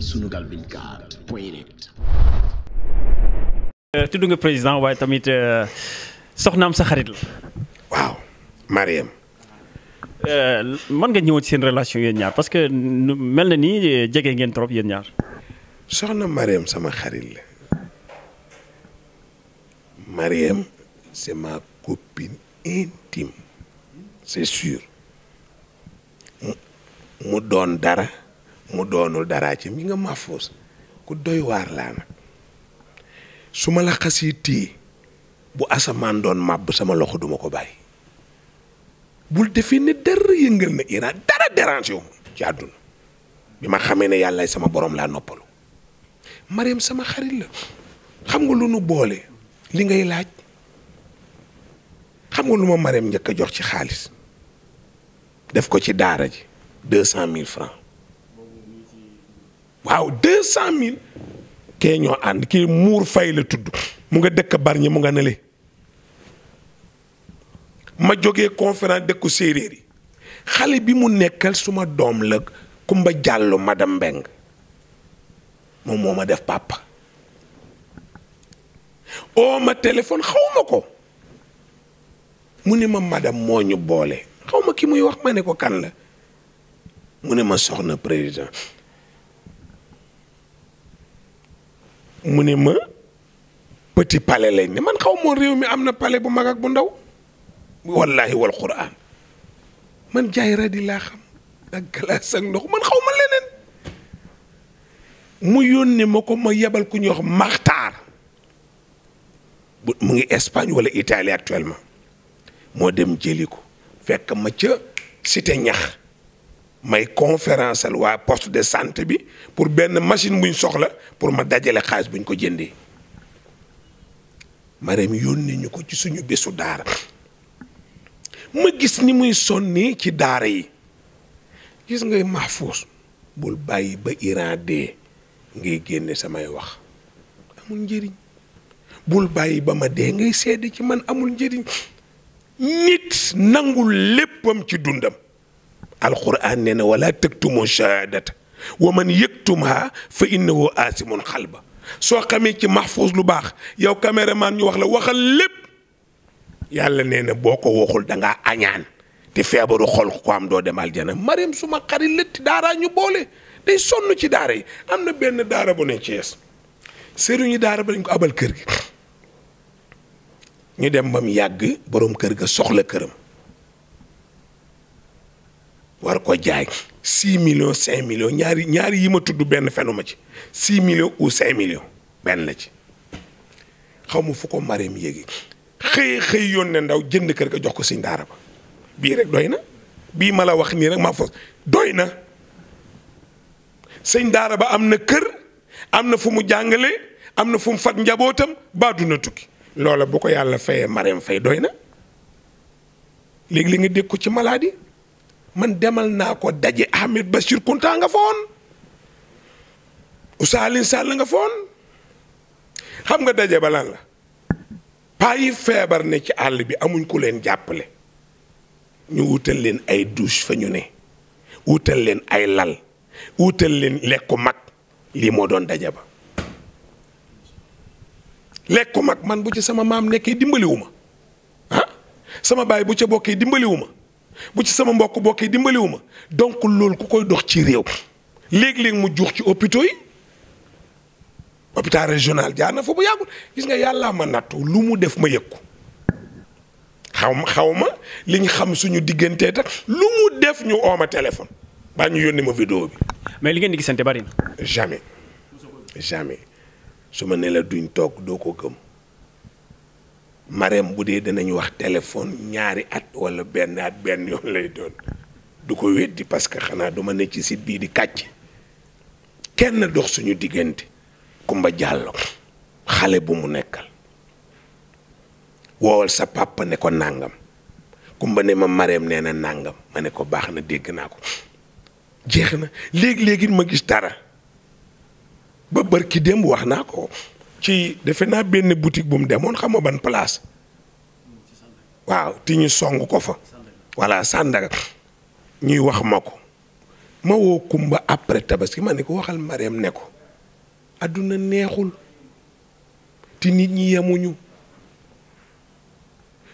Sunugal 24 point euh, nga président waaye tamit euh, soxnaam sa xarit la. waaw Mariam. Euh, mën nga ñëw ci seen relation yéen ñaar parce que mel na nii jege ngeen trop yéen ñaar. soxna Mariam sama xarit la. Mariam c'est ma intime c'est sûr. mu doon dara mu doonul daraa ci mi nga maafuus ku doy waar laa nag su ma la xasee téye bu asamaan doon màbb sama loxo duma ko bàyyi bul defee ne dara yëngal na Iran dara dérange ci àdduna bi ma xamee ne yàlla sama borom laa noppalu Mariam sama xarit la xam nga lu nu boole li ngay laaj xam nga lu ma Mariam njëkk a jox ci xaalis def ko ci daara ji deux cent waaw deux cent mille kee ñoo ànd kii muur fay la tudd mu nga dëkk barñi mu nga nele ma jógee conférence dëkku séeréer yi xale bi mu nekkal suma doom la Kumba Jàllu madame Mbeng moom moo ma def papa oo ma téléphone xaw ma ko mu ne ma madame moo ñu boole xaw ma ki muy wax ma ne ko kan la mu ne ma soxna président mu ne ma petit palais lañ ne man xaw moon réew mi am na pale bu mag bu ndaw wallahi wal quran man jaay radi laa xam ak galaas ak ndox man xaw ma leneen mu yónnee ma ko ma yebal ku ñuy maxtaar mu ngi Espagne wala Italie actuellement moo dem jëli ko fekk ma ca cité ñax may conférence waa poste de santé bi pour benn machine buñ soxla pour ma dajale xaalis buñ ko jëndee Marème yónnee ñu ko ci suñu bésu daara ma gis ni muy sonnee ci daara yi gis ngay Mahfouz bul bàyyi ba Iran dee ngay génne samay wax amul njëriñ bul bàyyi ba ma dee ngay seede ci man amul njëriñ nit nangul léppam ci dundam alquran nee na wala taktumu shahadata wa man yaktumha fa innahu aasimun xalba soo xamee ci mahfuus lu baax yow caméraman ñu wax la waxal lépp yàlla nee na boo ko waxul da ngaa añaan te feebaru xol ko am doo dem aljana Mariam suma xarit létti daaraa ñu boole day sonn ci daara yi benn daara bu ne Cees sëriñu daara ko abal kër gi ñu dem ba mu yàgg boroom kër ga soxla këram war ko jaay six millions cinq millions ñaari ñaari yi ma tudd benn fenuma ci six millions ou cinq millions benn la ci xaw ma fu ko mareem yéegi xëy xëy yoon ndaw jënd kër ga jox ko sëñ daara ba bii rek doy na bii ma la wax nii rek maa fos doy na sëñ daara ba am na kër am na fu mu jàngale am na fu mu fat njabootam baadu na tukki loole bu ko yàlla fayee mareem fay doy na léegi li dégg ko ci maladie. man demal naa ko daje Ahmed Bachir Kounta nga foon Oustaz Alioune nga foon xam nga daje ba lan la paa yi feebar ne ci àll bi amuñ ku leen jàppale ñu wutal leen ay douche fa ñu ne wutal leen ay lal wutal leen lekku mag lii moo doon daje ba lekku mag man bu ci sama maam nekkee dimbaliwuma ma ah? sama baay bu ca bokkee dimbaliwu ma bu ci sama mbokk mbokk yi dimbaliwu ma donc loolu ku koy dox ci réew léegi léeg mu juux ci hôpitaux yi hôpital régional jaar na fa bu yàggul gis nga yàllaa ma nattu lu mu def ma yëg xaw ma xaw ma liñ xam suñu diggantee tak lu mu def ñu ooma téléphone baa ñu yónni ma vidéo bi. mais li ngeen di gisante bari na. jamais jamais su ma ne duñ toog doo ko gëm. Marème bu dee danañ wax téléphone ñaari at wala benn at benn yoon lay doon du ko weddi parce que xanaa duma ne ci sit bii di kàcc kenn dox suñu diggante Kumba Jàllo xale bu mu nekkal wowal sa pàpp ne ko nàngam Kumba ne ma Marème nee na nàngam ma ne ko baax na dégg naa ko jeex na léegi léegi ma gis dara ba bër ki démb wax naa ko ci defe naa benn boutique bu mu demoon xam ban palaas waaw te ñu song ko fa voilà Sandaga ñuy wax ma ko ma woo Kumba après tabaski ma ne ko waxal Marème ne ko àdduna neexul te nit ñi yemuñu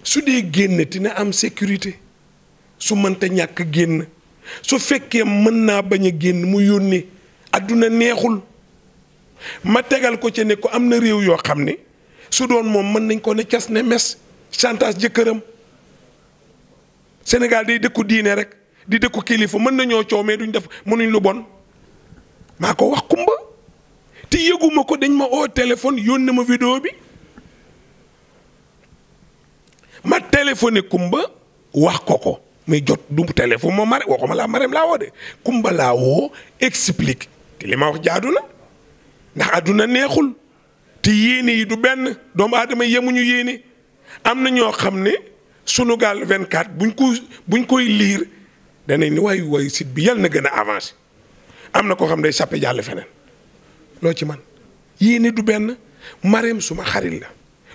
su dee génn dina am sécurité su mënta ñàkk génn su fekkee mën naa bañ a génn mu yónnee àdduna neexul ma tegal ko ci ne ko am na réew yoo xam ne su doon moom mën nañ koo ne cas ne mes chantage jëkkëram Sénégal day dëkku diine rek di dëkku kilifa mën nañoo coow mais duñ def mënuñ lu bon maa ko wax kumba te ko dañ ma oo téléphone yónnee ma bi ma téléphoné kumba wax ko ko muy jot du téléphone ma mare waxuma laa marem laa woo de kumba laa woo explique te li ma wax jaadu na ndax àdduna neexul te yéene yi du benn doomu aadama yemuñu yéene am na ñoo xam ne sunu gaal 24 buñ ko buñ koy liir danañ ni wayu waay site bi yal na gën a avancé am na koo xam ne day sappe jàll feneen loo ci man yéene du benn mareem suma xarit la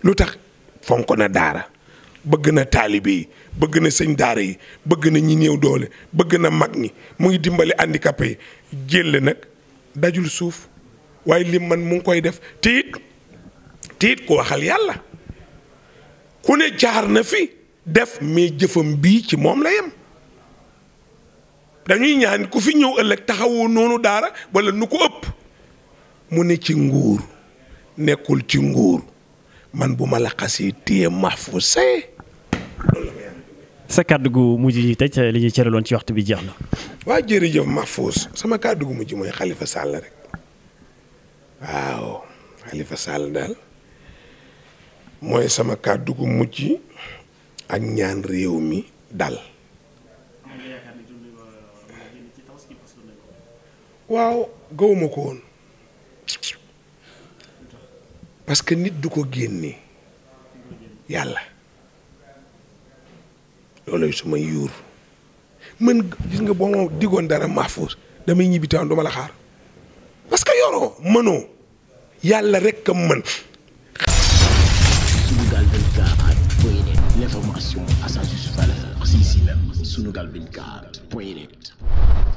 lu tax fonk na daara bëgg na taalibe yi bëgg na sëñ daara yi bëgg na ñi néew doole bëgg na mag ñi mu ngi dimbali handicapé yi jël nag dajul suuf waaye lim man mu ngi koy def tiit tiit ku waxal yàlla ku ne jaar na fi def mais jëfam bii ci moom la yem dañuy ñaan ku fi ñëw ëllëg taxawoo noonu daara wala nu ko ëpp mu ne ci nguur nekkul ci nguur man bu ma la xasee téye maafu see sa kàddu gu mujj yi tëj li ñu cëraloon ci waxtu bi jeex na. waa jërëjëf Mahfouz sama kàddu gu mujj mooy Khalifa Sall rek. waaw Khalifa Sall daal mooy sama kàddu gu mujj ak ñaan réew mi dal waaw gawuma ko woon parce que nit du ko génne yàlla loolooy suma yuur man gis nga boo ma diggoon dara Mahfouz damay ñibbi taan duma la xaar parce que yoroo mënoo yàlla rek a mën. Sunugal 24 point net l'information à sa juste valeur, c'est ici même Sunugal 24 point net.